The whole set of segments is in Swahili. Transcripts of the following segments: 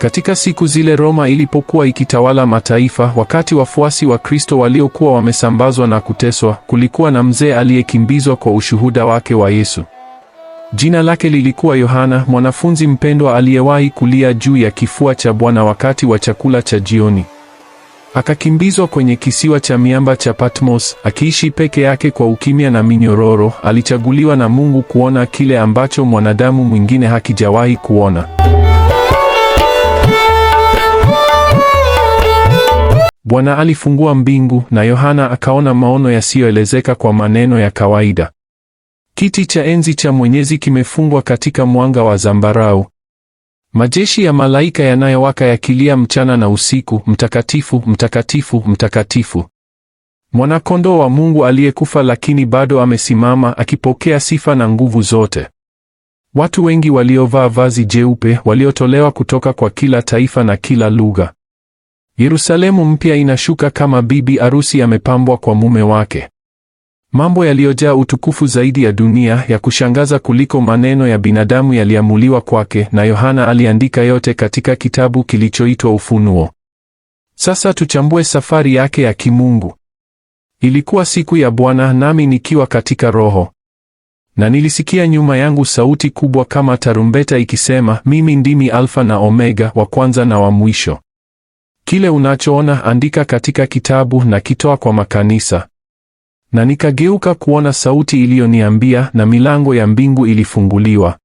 Katika siku zile Roma ilipokuwa ikitawala mataifa, wakati wafuasi wa Kristo waliokuwa wamesambazwa na kuteswa, kulikuwa na mzee aliyekimbizwa kwa ushuhuda wake wa Yesu. Jina lake lilikuwa Yohana, mwanafunzi mpendwa aliyewahi kulia juu ya kifua cha Bwana wakati wa chakula cha jioni. Akakimbizwa kwenye kisiwa cha miamba cha Patmos, akiishi peke yake kwa ukimya na minyororo. Alichaguliwa na Mungu kuona kile ambacho mwanadamu mwingine hakijawahi kuona. Bwana alifungua mbingu na Yohana akaona maono yasiyoelezeka kwa maneno ya kawaida. Kiti cha enzi cha Mwenyezi kimefungwa katika mwanga wa zambarau. Majeshi ya malaika yanayowaka yakilia mchana na usiku, mtakatifu, mtakatifu, mtakatifu. Mwanakondoo wa Mungu aliyekufa lakini bado amesimama akipokea sifa na nguvu zote. Watu wengi waliovaa vazi jeupe waliotolewa kutoka kwa kila taifa na kila lugha. Yerusalemu mpya inashuka kama bibi arusi amepambwa kwa mume wake. Mambo yaliyojaa utukufu zaidi ya dunia ya kushangaza kuliko maneno ya binadamu yaliamuliwa kwake, na Yohana aliandika yote katika kitabu kilichoitwa Ufunuo. Sasa tuchambue safari yake ya kimungu. Ilikuwa siku ya Bwana, nami nikiwa katika Roho, na nilisikia nyuma yangu sauti kubwa kama tarumbeta ikisema, mimi ndimi Alfa na Omega, wa kwanza na wa mwisho. Kile unachoona andika katika kitabu na kitoa kwa makanisa. Na nikageuka kuona sauti iliyoniambia, na milango ya mbingu ilifunguliwa.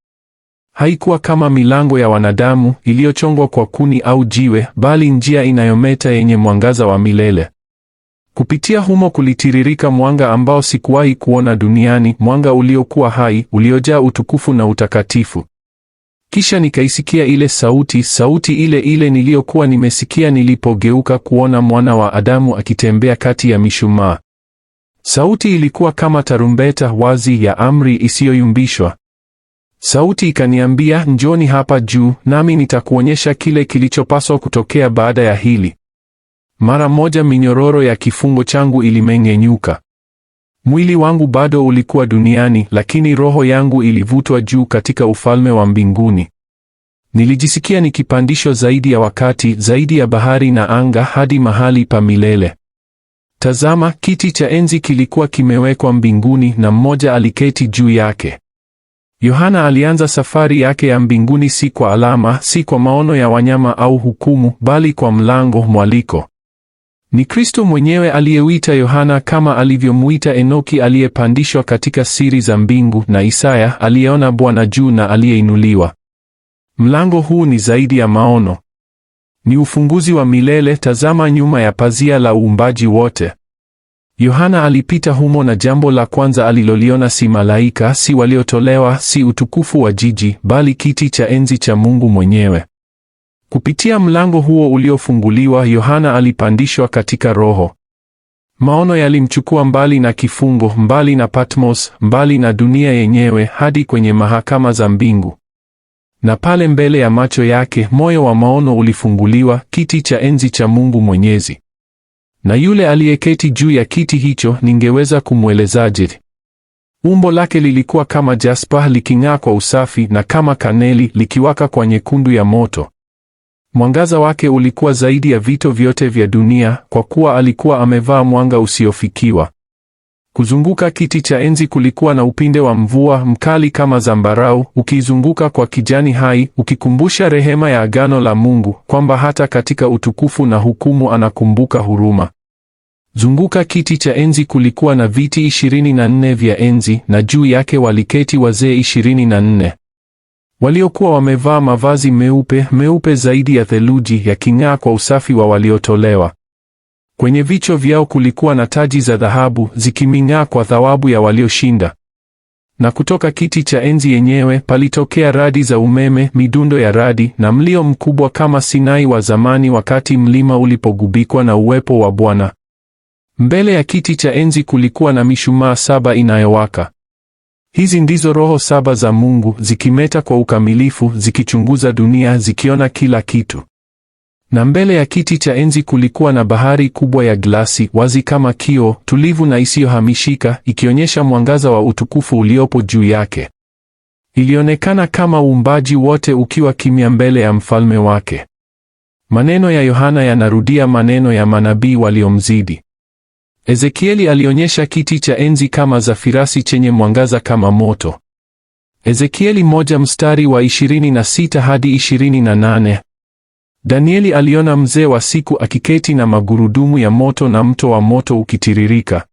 Haikuwa kama milango ya wanadamu iliyochongwa kwa kuni au jiwe, bali njia inayometa yenye mwangaza wa milele. Kupitia humo kulitiririka mwanga ambao sikuwahi kuona duniani, mwanga uliokuwa hai, uliojaa utukufu na utakatifu. Kisha nikaisikia ile sauti, sauti ile ile niliyokuwa nimesikia nilipogeuka kuona mwana wa Adamu akitembea kati ya mishumaa. Sauti ilikuwa kama tarumbeta wazi ya amri isiyoyumbishwa. Sauti ikaniambia, njoni hapa juu, nami nitakuonyesha kile kilichopaswa kutokea baada ya hili. Mara moja minyororo ya kifungo changu ilimeng'enyuka. Mwili wangu bado ulikuwa duniani, lakini roho yangu ilivutwa juu katika ufalme wa mbinguni. Nilijisikia ni kipandisho zaidi ya wakati, zaidi ya bahari na anga, hadi mahali pa milele. Tazama, kiti cha enzi kilikuwa kimewekwa mbinguni na mmoja aliketi juu yake. Yohana alianza safari yake ya mbinguni si kwa alama, si kwa maono ya wanyama au hukumu, bali kwa mlango, mwaliko. Ni Kristo mwenyewe aliyewita Yohana kama alivyomuita Enoki aliyepandishwa katika siri za mbingu na Isaya aliyeona Bwana juu na aliyeinuliwa. Mlango huu ni zaidi ya maono. Ni ufunguzi wa milele. Tazama nyuma ya pazia la uumbaji wote. Yohana alipita humo na jambo la kwanza aliloliona si malaika, si waliotolewa, si utukufu wa jiji, bali kiti cha enzi cha Mungu mwenyewe. Kupitia mlango huo uliofunguliwa, Yohana alipandishwa katika Roho. Maono yalimchukua mbali na kifungo, mbali na Patmos, mbali na dunia yenyewe hadi kwenye mahakama za mbingu na pale mbele ya macho yake moyo wa maono ulifunguliwa, kiti cha enzi cha Mungu Mwenyezi. Na yule aliyeketi juu ya kiti hicho, ningeweza kumwelezaje? Umbo lake lilikuwa kama jaspa liking'aa kwa usafi, na kama kaneli likiwaka kwa nyekundu ya moto. Mwangaza wake ulikuwa zaidi ya vito vyote vya dunia, kwa kuwa alikuwa amevaa mwanga usiofikiwa. Kuzunguka kiti cha enzi kulikuwa na upinde wa mvua mkali kama zambarau, ukiizunguka kwa kijani hai, ukikumbusha rehema ya agano la Mungu, kwamba hata katika utukufu na hukumu anakumbuka huruma. Zunguka kiti cha enzi kulikuwa na viti ishirini na nne vya enzi, na juu yake waliketi wazee ishirini na nne waliokuwa wamevaa mavazi meupe meupe zaidi ya theluji, yaking'aa kwa usafi wa waliotolewa. Kwenye vichwa vyao kulikuwa na taji za dhahabu zikiming'aa kwa thawabu ya walioshinda. Na kutoka kiti cha enzi yenyewe palitokea radi za umeme, midundo ya radi na mlio mkubwa kama Sinai wa zamani wakati mlima ulipogubikwa na uwepo wa Bwana. Mbele ya kiti cha enzi kulikuwa na mishumaa saba inayowaka. Hizi ndizo roho saba za Mungu zikimeta kwa ukamilifu, zikichunguza dunia, zikiona kila kitu. Na mbele ya kiti cha enzi kulikuwa na bahari kubwa ya glasi wazi kama kio, tulivu na isiyohamishika, ikionyesha mwangaza wa utukufu uliopo juu yake. Ilionekana kama uumbaji wote ukiwa kimya mbele ya mfalme wake. Maneno ya Yohana yanarudia maneno ya manabii waliomzidi. Ezekieli alionyesha kiti cha enzi kama zafirasi chenye mwangaza kama moto. Ezekieli moja mstari wa 26 hadi 28. Danieli aliona mzee wa siku akiketi na magurudumu ya moto na mto wa moto ukitiririka.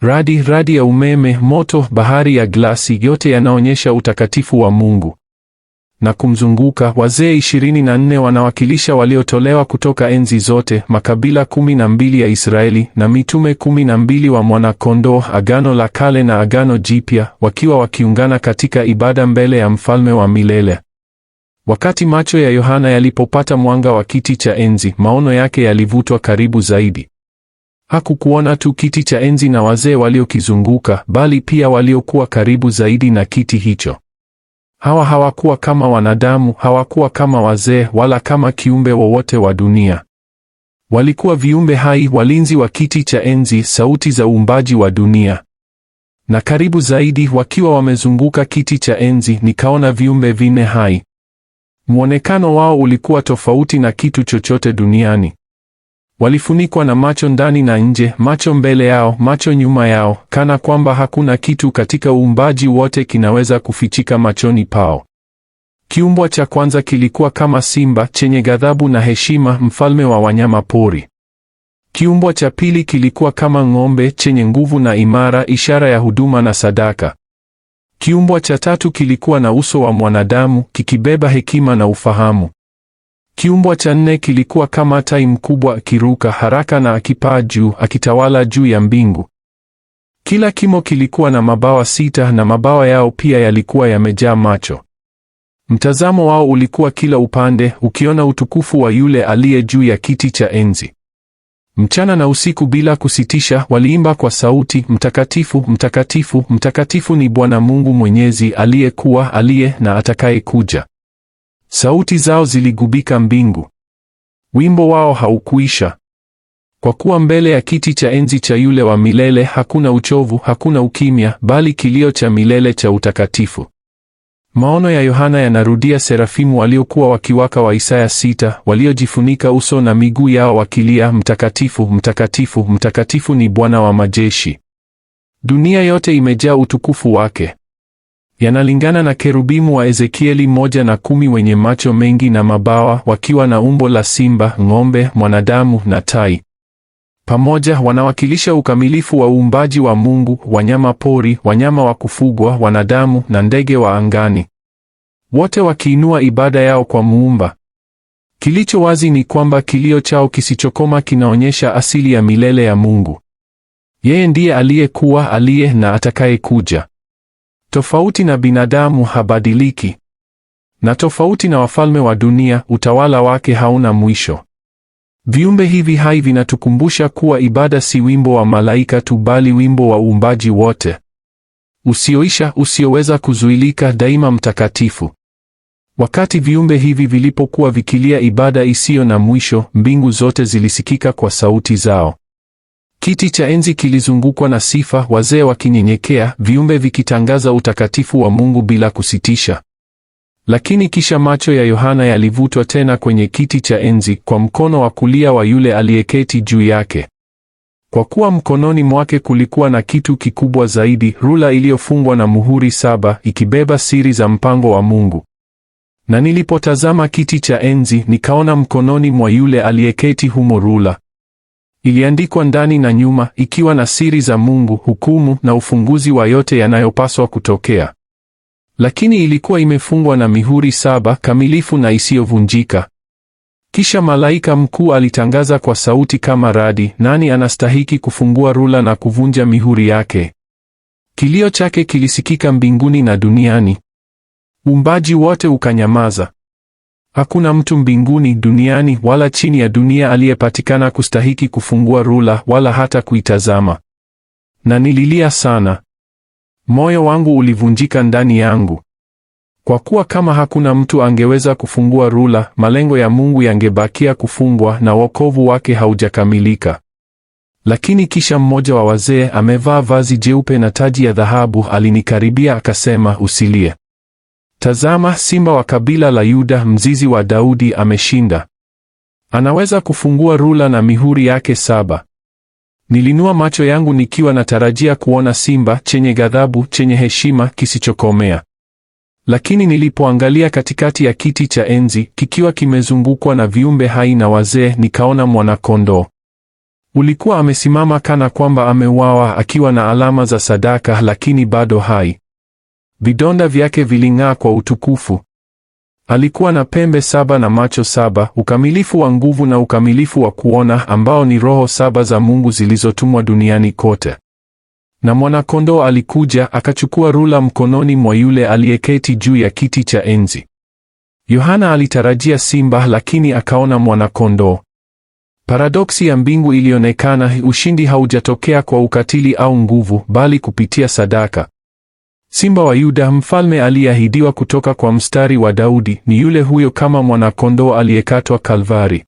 Radi radi ya umeme, moto, bahari ya glasi, yote yanaonyesha utakatifu wa Mungu. Na kumzunguka wazee 24 wanawakilisha waliotolewa kutoka enzi zote, makabila 12 ya Israeli na mitume 12 wa mwanakondoo, Agano la Kale na Agano Jipya, wakiwa wakiungana katika ibada mbele ya mfalme wa milele. Wakati macho ya Yohana yalipopata mwanga wa kiti cha enzi, maono yake yalivutwa karibu zaidi. Hakukuona tu kiti cha enzi na wazee waliokizunguka, bali pia waliokuwa karibu zaidi na kiti hicho. Hawa hawakuwa kama wanadamu, hawakuwa kama wazee wala kama kiumbe wowote wa dunia. Walikuwa viumbe hai, walinzi wa kiti cha enzi, sauti za uumbaji wa dunia. Na karibu zaidi, wakiwa wamezunguka kiti cha enzi, nikaona viumbe vine hai. Mwonekano wao ulikuwa tofauti na kitu chochote duniani. Walifunikwa na macho ndani na nje, macho mbele yao, macho nyuma yao, kana kwamba hakuna kitu katika uumbaji wote kinaweza kufichika machoni pao. Kiumbwa cha kwanza kilikuwa kama simba chenye ghadhabu na heshima, mfalme wa wanyama pori. Kiumbwa cha pili kilikuwa kama ng'ombe chenye nguvu na imara, ishara ya huduma na sadaka. Kiumbwa cha tatu kilikuwa na uso wa mwanadamu, kikibeba hekima na ufahamu. Kiumbwa cha nne kilikuwa kama tai mkubwa, akiruka haraka na akipaa juu, akitawala juu ya mbingu. Kila kimo kilikuwa na mabawa sita, na mabawa yao pia yalikuwa yamejaa macho. Mtazamo wao ulikuwa kila upande, ukiona utukufu wa yule aliye juu ya kiti cha enzi. Mchana na usiku bila kusitisha waliimba kwa sauti, mtakatifu, mtakatifu, mtakatifu ni Bwana Mungu Mwenyezi, aliyekuwa, aliye na atakayekuja. Sauti zao ziligubika mbingu. Wimbo wao haukuisha. Kwa kuwa mbele ya kiti cha enzi cha yule wa milele hakuna uchovu, hakuna ukimya, bali kilio cha milele cha utakatifu. Maono ya Yohana yanarudia serafimu waliokuwa wakiwaka wa Isaya sita, waliojifunika uso na miguu yao wakilia, mtakatifu, mtakatifu, mtakatifu ni Bwana wa majeshi, dunia yote imejaa utukufu wake. Yanalingana na kerubimu wa Ezekieli moja na kumi wenye macho mengi na mabawa, wakiwa na umbo la simba, ng'ombe, mwanadamu na tai. Pamoja wanawakilisha ukamilifu wa uumbaji wa Mungu, wanyama pori, wanyama wa kufugwa, wanadamu na ndege wa angani, wote wakiinua ibada yao kwa Muumba. Kilicho wazi ni kwamba kilio chao kisichokoma kinaonyesha asili ya milele ya Mungu. Yeye ndiye aliyekuwa, aliye na atakayekuja. Tofauti na binadamu, habadiliki, na tofauti na wafalme wa dunia, utawala wake hauna mwisho. Viumbe hivi hai vinatukumbusha kuwa ibada si wimbo wa malaika tu, bali wimbo wa uumbaji wote usioisha, usioweza kuzuilika, daima mtakatifu. Wakati viumbe hivi vilipokuwa vikilia ibada isiyo na mwisho, mbingu zote zilisikika kwa sauti zao. Kiti cha enzi kilizungukwa na sifa, wazee wakinyenyekea, viumbe vikitangaza utakatifu wa Mungu bila kusitisha. Lakini kisha macho ya Yohana yalivutwa tena kwenye kiti cha enzi kwa mkono wa kulia wa yule aliyeketi juu yake. Kwa kuwa mkononi mwake kulikuwa na kitu kikubwa zaidi, rula iliyofungwa na muhuri saba, ikibeba siri za mpango wa Mungu. Na nilipotazama kiti cha enzi, nikaona mkononi mwa yule aliyeketi humo rula iliandikwa ndani na nyuma, ikiwa na siri za Mungu, hukumu na ufunguzi wa yote yanayopaswa kutokea lakini ilikuwa imefungwa na mihuri saba kamilifu na isiyovunjika. Kisha malaika mkuu alitangaza kwa sauti kama radi, nani anastahiki kufungua rula na kuvunja mihuri yake? Kilio chake kilisikika mbinguni na duniani. Uumbaji wote ukanyamaza. Hakuna mtu mbinguni, duniani, wala chini ya dunia aliyepatikana kustahiki kufungua rula wala hata kuitazama. Na nililia sana. Moyo wangu ulivunjika ndani yangu, kwa kuwa kama hakuna mtu angeweza kufungua rula, malengo ya Mungu yangebakia kufungwa na wokovu wake haujakamilika. Lakini kisha mmoja wa wazee amevaa vazi jeupe na taji ya dhahabu alinikaribia akasema, usilie. Tazama, simba wa kabila la Yuda, mzizi wa Daudi, ameshinda. Anaweza kufungua rula na mihuri yake saba. Nilinua macho yangu nikiwa natarajia kuona simba chenye ghadhabu, chenye heshima, kisichokomea. Lakini nilipoangalia katikati ya kiti cha enzi kikiwa kimezungukwa na viumbe hai na wazee, nikaona mwanakondoo. Ulikuwa amesimama kana kwamba ameuawa, akiwa na alama za sadaka, lakini bado hai. Vidonda vyake viling'aa kwa utukufu. Alikuwa na pembe saba na macho saba, ukamilifu wa nguvu na ukamilifu wa kuona, ambao ni roho saba za Mungu zilizotumwa duniani kote. Na mwanakondoo alikuja akachukua rula mkononi mwa yule aliyeketi juu ya kiti cha enzi. Yohana alitarajia simba, lakini akaona mwanakondoo. Paradoksi ya mbingu ilionekana: ushindi haujatokea kwa ukatili au nguvu, bali kupitia sadaka. Simba wa Yuda, mfalme aliyeahidiwa kutoka kwa mstari wa Daudi, ni yule huyo kama mwanakondoo aliyekatwa Kalvari.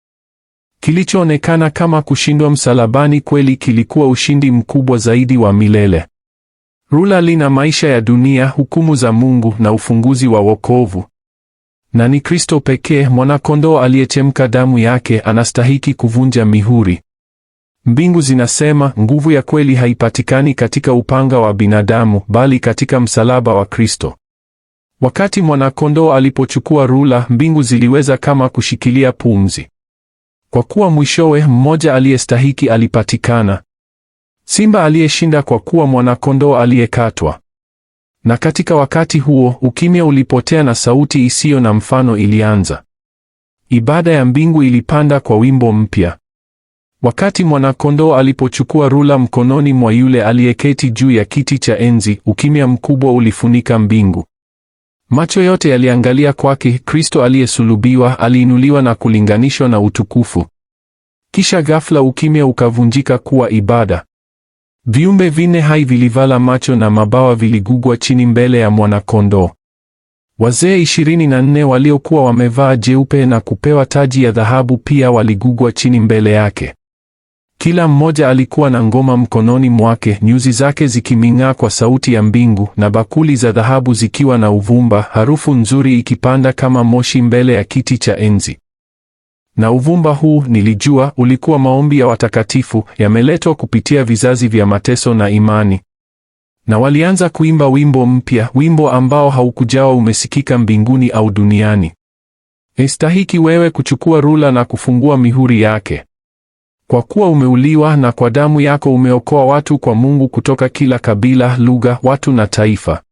Kilichoonekana kama kushindwa msalabani kweli kilikuwa ushindi mkubwa zaidi wa milele. Rula lina maisha ya dunia, hukumu za Mungu na ufunguzi wa wokovu. Na ni Kristo pekee, mwanakondoo aliyechemka damu yake, anastahiki kuvunja mihuri. Mbingu zinasema nguvu ya kweli haipatikani katika upanga wa binadamu, bali katika msalaba wa Kristo. Wakati mwanakondoo alipochukua rula, mbingu ziliweza kama kushikilia pumzi, kwa kuwa mwishowe mmoja aliyestahiki alipatikana, simba aliyeshinda, kwa kuwa mwanakondoo aliyekatwa. Na katika wakati huo ukimya ulipotea na sauti isiyo na mfano ilianza. Ibada ya mbingu ilipanda kwa wimbo mpya. Wakati mwanakondoo alipochukua rula mkononi mwa yule aliyeketi juu ya kiti cha enzi, ukimya mkubwa ulifunika mbingu. Macho yote yaliangalia kwake. Kristo aliyesulubiwa aliinuliwa na kulinganishwa na utukufu. Kisha ghafla ukimya ukavunjika kuwa ibada. Viumbe vinne hai vilivala macho na mabawa viligugwa chini mbele ya mwanakondoo. Wazee ishirini na nne waliokuwa wamevaa jeupe na kupewa taji ya dhahabu pia waligugwa chini mbele yake. Kila mmoja alikuwa na ngoma mkononi mwake, nyuzi zake zikiming'aa kwa sauti ya mbingu, na bakuli za dhahabu zikiwa na uvumba, harufu nzuri ikipanda kama moshi mbele ya kiti cha enzi. Na uvumba huu, nilijua, ulikuwa maombi ya watakatifu, yameletwa kupitia vizazi vya mateso na imani. Na walianza kuimba wimbo mpya, wimbo ambao haukujawa umesikika mbinguni au duniani. Estahiki wewe kuchukua rula na kufungua mihuri yake. Kwa kuwa umeuliwa na kwa damu yako umeokoa watu kwa Mungu kutoka kila kabila, lugha, watu na taifa.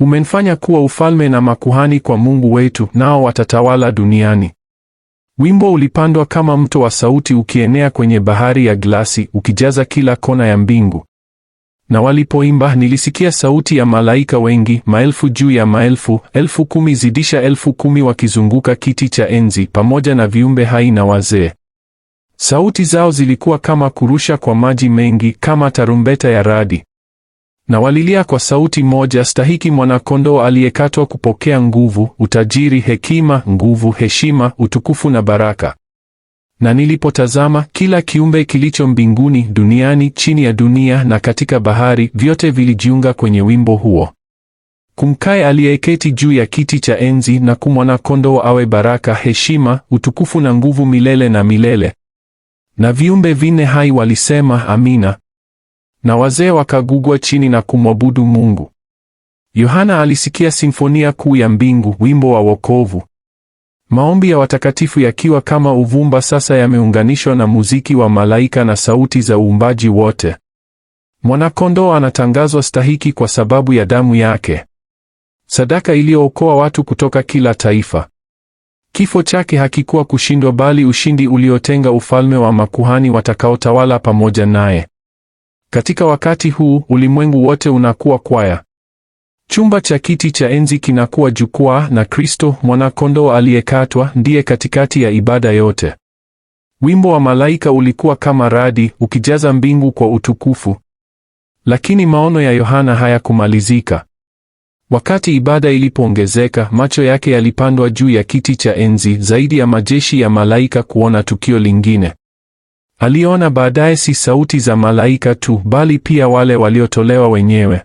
Umemfanya kuwa ufalme na makuhani kwa Mungu wetu, nao watatawala duniani. Wimbo ulipandwa kama mto wa sauti ukienea kwenye bahari ya glasi, ukijaza kila kona ya mbingu. Na walipoimba nilisikia sauti ya malaika wengi, maelfu juu ya maelfu, elfu kumi zidisha elfu kumi, wakizunguka kiti cha enzi pamoja na viumbe hai na wazee. Sauti zao zilikuwa kama kurusha kwa maji mengi, kama tarumbeta ya radi, na walilia kwa sauti moja, stahiki mwanakondoo aliyekatwa kupokea nguvu, utajiri, hekima, nguvu, heshima, utukufu na baraka. Na nilipotazama, kila kiumbe kilicho mbinguni, duniani, chini ya dunia na katika bahari, vyote vilijiunga kwenye wimbo huo kumkae aliyeketi juu ya kiti cha enzi na kumwanakondoo awe baraka, heshima, utukufu na nguvu milele na milele. Na viumbe vine hai walisema amina, na wazee wakagugwa chini na kumwabudu Mungu. Yohana alisikia simfonia kuu ya mbingu, wimbo wa wokovu. Maombi ya watakatifu yakiwa kama uvumba, sasa yameunganishwa na muziki wa malaika na sauti za uumbaji wote. Mwanakondoo anatangazwa stahiki kwa sababu ya damu yake, sadaka iliyookoa watu kutoka kila taifa. Kifo chake hakikuwa kushindwa bali ushindi uliotenga ufalme wa makuhani watakaotawala pamoja naye. Katika wakati huu, ulimwengu wote unakuwa kwaya. Chumba cha kiti cha enzi kinakuwa jukwaa na Kristo mwanakondoo aliyekatwa ndiye katikati ya ibada yote. Wimbo wa malaika ulikuwa kama radi ukijaza mbingu kwa utukufu. Lakini maono ya Yohana hayakumalizika. Wakati ibada ilipoongezeka, macho yake yalipandwa juu ya kiti cha enzi zaidi ya majeshi ya malaika kuona tukio lingine. Aliona baadaye si sauti za malaika tu, bali pia wale waliotolewa wenyewe.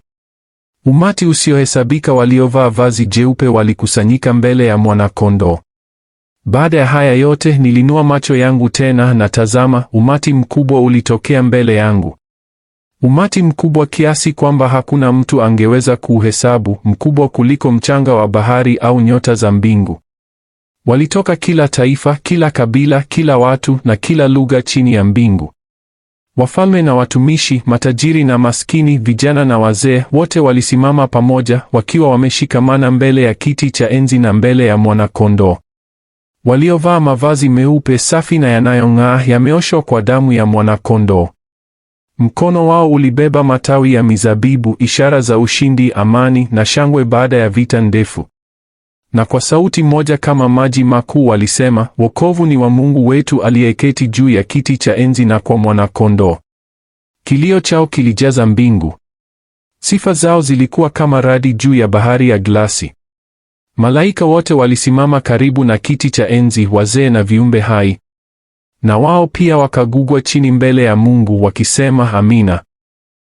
Umati usiohesabika waliovaa vazi jeupe walikusanyika mbele ya mwanakondoo. Baada ya haya yote, nilinua macho yangu tena na tazama, umati mkubwa ulitokea mbele yangu. Umati mkubwa kiasi kwamba hakuna mtu angeweza kuuhesabu, mkubwa kuliko mchanga wa bahari au nyota za mbingu. Walitoka kila taifa, kila kabila, kila watu na kila lugha chini ya mbingu. Wafalme na watumishi, matajiri na maskini, vijana na wazee, wote walisimama pamoja wakiwa wameshikamana mbele ya kiti cha enzi na mbele ya mwanakondoo. Waliovaa mavazi meupe safi na yanayong'aa, yameoshwa kwa damu ya mwanakondoo. Mkono wao ulibeba matawi ya mizabibu, ishara za ushindi, amani na shangwe baada ya vita ndefu. Na kwa sauti moja kama maji makuu walisema, wokovu ni wa Mungu wetu aliyeketi juu ya kiti cha enzi na kwa mwanakondoo. Kilio chao kilijaza mbingu. Sifa zao zilikuwa kama radi juu ya bahari ya glasi. Malaika wote walisimama karibu na kiti cha enzi, wazee na viumbe hai na wao pia wakagugwa chini mbele ya Mungu wakisema amina.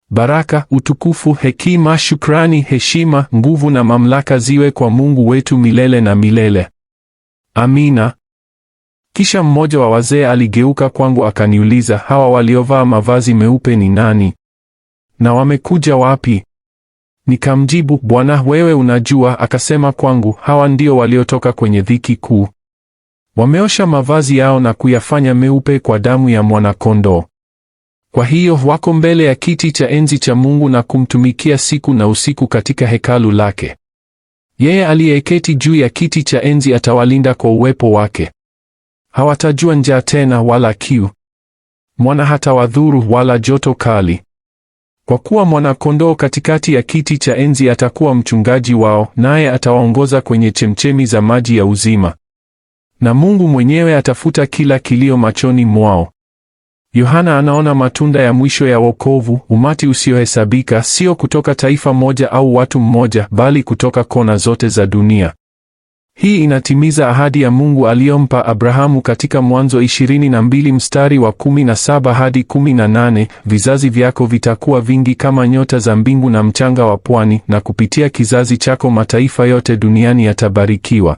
Baraka, utukufu, hekima, shukrani, heshima, nguvu na mamlaka ziwe kwa Mungu wetu milele na milele. Amina. Kisha mmoja wa wazee aligeuka kwangu akaniuliza, hawa waliovaa mavazi meupe ni nani na wamekuja wapi? Nikamjibu, Bwana wewe unajua. Akasema kwangu, hawa ndio waliotoka kwenye dhiki kuu. Wameosha mavazi yao na kuyafanya meupe kwa damu ya mwanakondoo. Kwa hiyo wako mbele ya kiti cha enzi cha Mungu na kumtumikia siku na usiku katika hekalu lake. Yeye aliyeketi juu ya kiti cha enzi atawalinda kwa uwepo wake. Hawatajua njaa tena wala kiu. Mwana hatawadhuru wala joto kali. Kwa kuwa mwanakondoo katikati ya kiti cha enzi atakuwa mchungaji wao, naye atawaongoza kwenye chemchemi za maji ya uzima na Mungu mwenyewe atafuta kila kilio machoni mwao. Yohana anaona matunda ya mwisho ya wokovu, umati usiohesabika, sio kutoka taifa moja au watu mmoja, bali kutoka kona zote za dunia. Hii inatimiza ahadi ya Mungu aliyompa Abrahamu katika Mwanzo 22 mstari wa 17 hadi 18, vizazi vyako vitakuwa vingi kama nyota za mbingu na mchanga wa pwani, na kupitia kizazi chako mataifa yote duniani yatabarikiwa.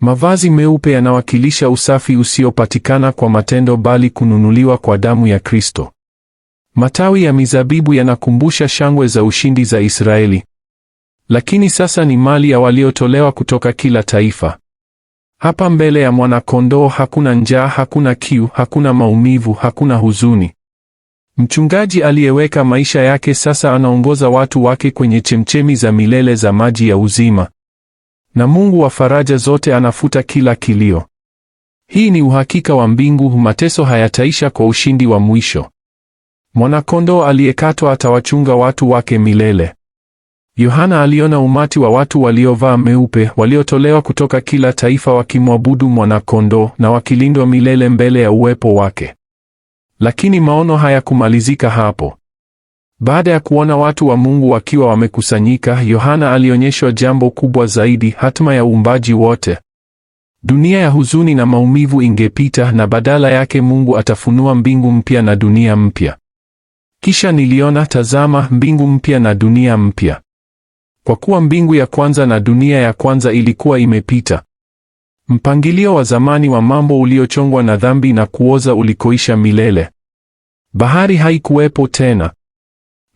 Mavazi meupe yanawakilisha usafi usiopatikana kwa matendo bali kununuliwa kwa damu ya Kristo. Matawi ya mizabibu yanakumbusha shangwe za ushindi za Israeli. Lakini sasa ni mali ya waliotolewa kutoka kila taifa. Hapa mbele ya mwanakondoo hakuna njaa, hakuna kiu, hakuna maumivu, hakuna huzuni. Mchungaji aliyeweka maisha yake sasa anaongoza watu wake kwenye chemchemi za milele za maji ya uzima na Mungu wa faraja zote anafuta kila kilio. Hii ni uhakika wa mbingu, mateso hayataisha kwa ushindi wa mwisho. Mwanakondoo aliyekatwa atawachunga watu wake milele. Yohana aliona umati wa watu waliovaa meupe waliotolewa kutoka kila taifa wakimwabudu mwanakondoo na wakilindwa milele mbele ya uwepo wake. Lakini maono hayakumalizika hapo. Baada ya kuona watu wa Mungu wakiwa wamekusanyika, Yohana alionyeshwa jambo kubwa zaidi, hatma ya uumbaji wote. Dunia ya huzuni na maumivu ingepita na badala yake Mungu atafunua mbingu mpya na dunia mpya. Kisha niliona, tazama, mbingu mpya na dunia mpya. Kwa kuwa mbingu ya kwanza na dunia ya kwanza ilikuwa imepita. Mpangilio wa zamani wa mambo uliochongwa na dhambi na kuoza ulikoisha milele. Bahari haikuwepo tena.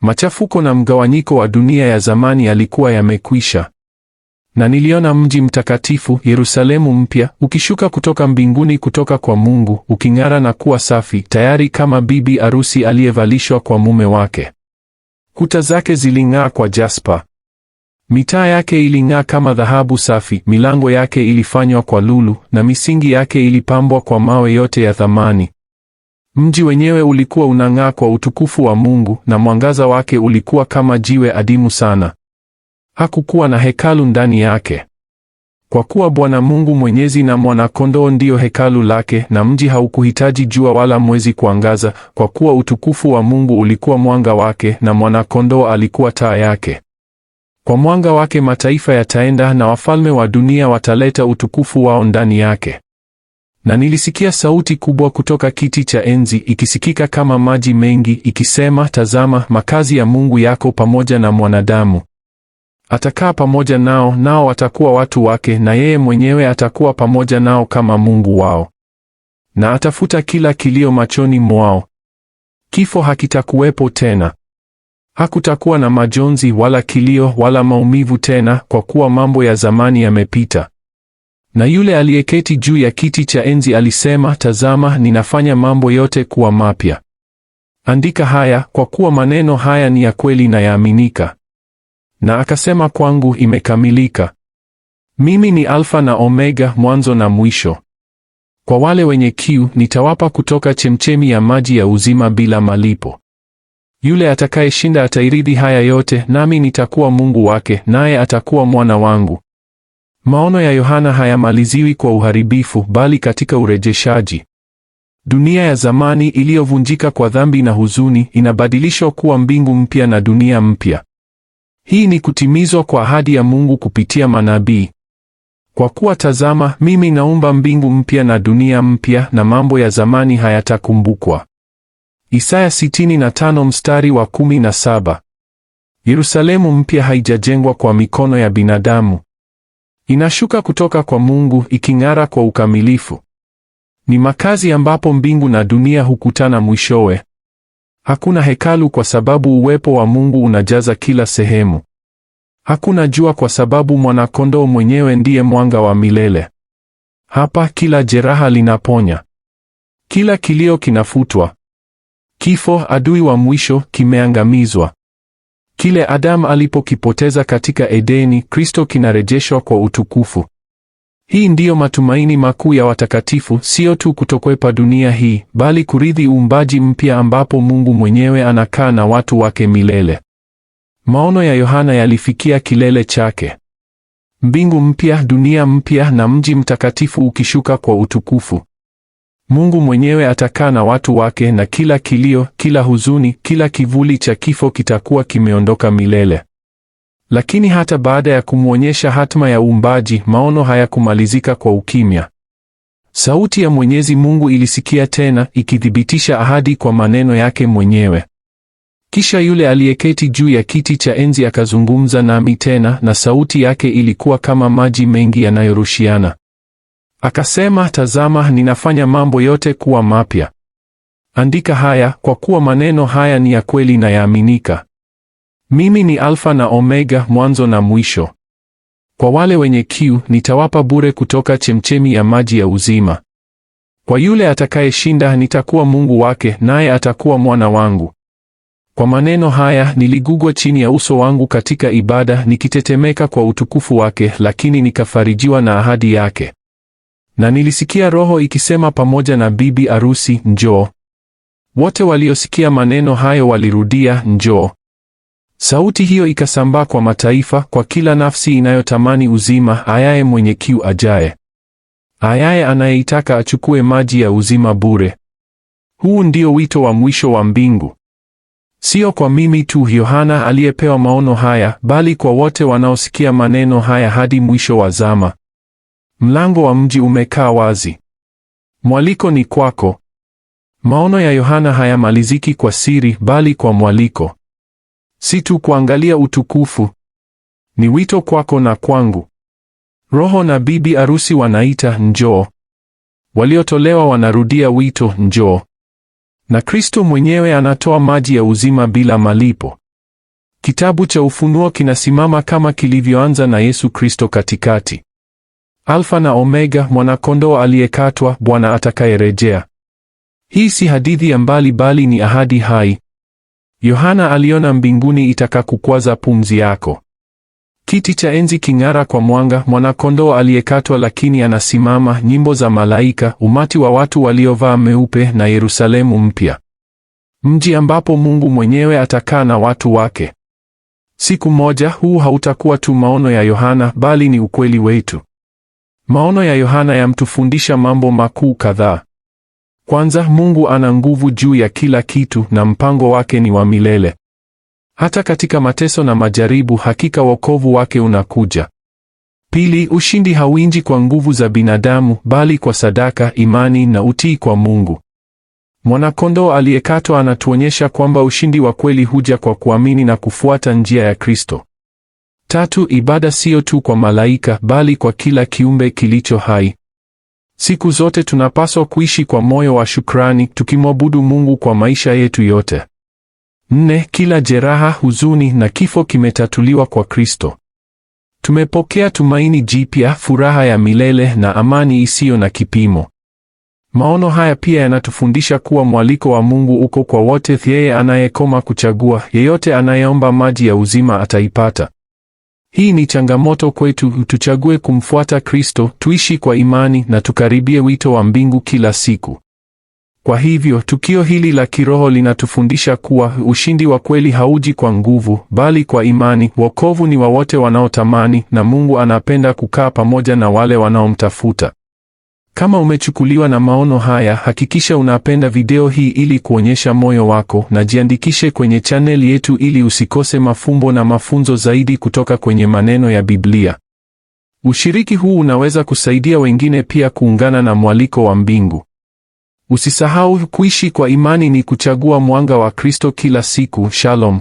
Machafuko na mgawanyiko wa dunia ya zamani yalikuwa yamekwisha, na niliona mji mtakatifu Yerusalemu mpya ukishuka kutoka mbinguni kutoka kwa Mungu, uking'ara na kuwa safi, tayari kama bibi arusi aliyevalishwa kwa mume wake. Kuta zake ziling'aa kwa jaspa, mitaa yake iling'aa kama dhahabu safi, milango yake ilifanywa kwa lulu, na misingi yake ilipambwa kwa mawe yote ya thamani. Mji wenyewe ulikuwa unang'aa kwa utukufu wa Mungu na mwangaza wake ulikuwa kama jiwe adimu sana. Hakukuwa na hekalu ndani yake. Kwa kuwa Bwana Mungu Mwenyezi na Mwana-Kondoo ndiyo hekalu lake, na mji haukuhitaji jua wala mwezi kuangaza, kwa kuwa utukufu wa Mungu ulikuwa mwanga wake, na Mwana-Kondoo alikuwa taa yake. Kwa mwanga wake mataifa yataenda, na wafalme wa dunia wataleta utukufu wao ndani yake na nilisikia sauti kubwa kutoka kiti cha enzi ikisikika kama maji mengi ikisema, tazama, makazi ya Mungu yako pamoja na mwanadamu. Atakaa pamoja nao, nao atakuwa watu wake, na yeye mwenyewe atakuwa pamoja nao kama Mungu wao, na atafuta kila kilio machoni mwao. Kifo hakitakuwepo tena. Hakutakuwa na majonzi wala kilio wala maumivu tena, kwa kuwa mambo ya zamani yamepita. Na yule aliyeketi juu ya kiti cha enzi alisema, tazama, ninafanya mambo yote kuwa mapya. Andika haya, kwa kuwa maneno haya ni ya kweli na yaaminika. Na akasema kwangu, imekamilika. Mimi ni Alfa na Omega, mwanzo na mwisho. Kwa wale wenye kiu nitawapa kutoka chemchemi ya maji ya uzima bila malipo. Yule atakayeshinda atairithi haya yote, nami nitakuwa Mungu wake, naye atakuwa mwana wangu. Maono ya Yohana hayamaliziwi kwa uharibifu, bali katika urejeshaji. Dunia ya zamani iliyovunjika kwa dhambi na huzuni inabadilishwa kuwa mbingu mpya na dunia mpya. Hii ni kutimizwa kwa ahadi ya Mungu kupitia manabii. Kwa kuwa tazama, mimi naumba mbingu mpya na dunia mpya, na mambo ya zamani hayatakumbukwa. Isaya 65 mstari wa 17. Yerusalemu mpya haijajengwa kwa mikono ya binadamu, inashuka kutoka kwa Mungu iking'ara kwa ukamilifu. Ni makazi ambapo mbingu na dunia hukutana mwishowe. Hakuna hekalu kwa sababu uwepo wa Mungu unajaza kila sehemu. Hakuna jua kwa sababu mwanakondoo mwenyewe ndiye mwanga wa milele. Hapa kila jeraha linaponya. Kila kilio kinafutwa. Kifo, adui wa mwisho, kimeangamizwa. Kile Adamu alipokipoteza katika Edeni, Kristo kinarejeshwa kwa utukufu. Hii ndiyo matumaini makuu ya watakatifu, sio tu kutokwepa dunia hii, bali kurithi uumbaji mpya ambapo Mungu mwenyewe anakaa na watu wake milele. Maono ya Yohana yalifikia kilele chake. Mbingu mpya, dunia mpya na mji mtakatifu ukishuka kwa utukufu. Mungu mwenyewe atakaa na watu wake, na kila kilio, kila huzuni, kila kivuli cha kifo kitakuwa kimeondoka milele. Lakini hata baada ya kumwonyesha hatma ya uumbaji, maono hayakumalizika kwa ukimya. Sauti ya Mwenyezi Mungu ilisikia tena, ikithibitisha ahadi kwa maneno yake mwenyewe. Kisha yule aliyeketi juu ya kiti cha enzi akazungumza nami tena, na sauti yake ilikuwa kama maji mengi yanayorushiana. Akasema, tazama, ninafanya mambo yote kuwa mapya. Andika haya, kwa kuwa maneno haya ni ya kweli na yaaminika. Mimi ni Alfa na Omega, mwanzo na mwisho. Kwa wale wenye kiu nitawapa bure kutoka chemchemi ya maji ya uzima. Kwa yule atakayeshinda nitakuwa Mungu wake, naye atakuwa mwana wangu. Kwa maneno haya niligugwa chini ya uso wangu katika ibada, nikitetemeka kwa utukufu wake, lakini nikafarijiwa na ahadi yake na nilisikia roho ikisema pamoja na bibi arusi, njoo. Wote waliosikia maneno hayo walirudia njoo. Sauti hiyo ikasambaa kwa mataifa, kwa kila nafsi inayotamani uzima, ayaye mwenye kiu ajaye, ayaye anayeitaka achukue maji ya uzima bure. Huu ndio wito wa mwisho wa mbingu, sio kwa mimi tu Yohana aliyepewa maono haya, bali kwa wote wanaosikia maneno haya hadi mwisho wa zama. Mlango wa mji umekaa wazi. Mwaliko ni kwako. Maono ya Yohana hayamaliziki kwa siri, bali kwa mwaliko. Si tu kuangalia utukufu, ni wito kwako na kwangu. Roho na bibi arusi wanaita njoo. Waliotolewa wanarudia wito njoo. Na Kristo mwenyewe anatoa maji ya uzima bila malipo. Kitabu cha Ufunuo kinasimama kama kilivyoanza na Yesu Kristo katikati. Alfa na Omega, mwanakondoo aliyekatwa, Bwana atakayerejea. Hii si hadithi ya mbali, bali ni ahadi hai. Yohana aliona mbinguni itakakukwaza pumzi yako, kiti cha enzi king'ara kwa mwanga, mwanakondoo aliyekatwa lakini anasimama, nyimbo za malaika, umati wa watu waliovaa meupe, na Yerusalemu mpya, mji ambapo Mungu mwenyewe atakaa na watu wake. Siku moja, huu hautakuwa tu maono ya Yohana, bali ni ukweli wetu. Maono ya Yohana yamtufundisha mambo makuu kadhaa. Kwanza, Mungu ana nguvu juu ya kila kitu na mpango wake ni wa milele. Hata katika mateso na majaribu, hakika wokovu wake unakuja. Pili, ushindi hawinji kwa nguvu za binadamu, bali kwa sadaka, imani na utii kwa Mungu. Mwanakondoo aliyekatwa anatuonyesha kwamba ushindi wa kweli huja kwa kuamini na kufuata njia ya Kristo. Tatu, ibada sio tu kwa malaika bali kwa kila kiumbe kilicho hai. Siku zote tunapaswa kuishi kwa moyo wa shukrani, tukimwabudu Mungu kwa maisha yetu yote. Nne, kila jeraha, huzuni na kifo kimetatuliwa kwa Kristo. Tumepokea tumaini jipya, furaha ya milele na amani isiyo na kipimo. Maono haya pia yanatufundisha kuwa mwaliko wa Mungu uko kwa wote. Yeye anayekoma kuchagua, yeyote anayeomba maji ya uzima ataipata. Hii ni changamoto kwetu, tuchague kumfuata Kristo, tuishi kwa imani na tukaribie wito wa mbingu kila siku. Kwa hivyo, tukio hili la kiroho linatufundisha kuwa ushindi wa kweli hauji kwa nguvu, bali kwa imani. Wokovu ni wa wote wanaotamani na Mungu anapenda kukaa pamoja na wale wanaomtafuta. Kama umechukuliwa na maono haya, hakikisha unapenda video hii ili kuonyesha moyo wako, na jiandikishe kwenye chaneli yetu ili usikose mafumbo na mafunzo zaidi kutoka kwenye maneno ya Biblia. Ushiriki huu unaweza kusaidia wengine pia kuungana na mwaliko wa mbingu. Usisahau, kuishi kwa imani ni kuchagua mwanga wa Kristo kila siku. Shalom.